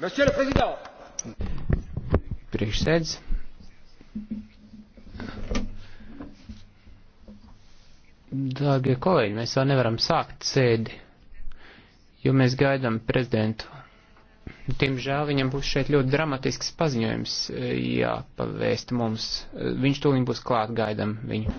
Monsieur le Président! Priekšsēdz. Dārgie kolēģi, mēs vēl nevaram sākt sēdi, jo mēs gaidām prezidentu. Diemžēl viņam būs šeit ļoti dramatisks paziņojums e, jāpavēst mums. E, viņš tūlīt būs klāt, gaidām viņu.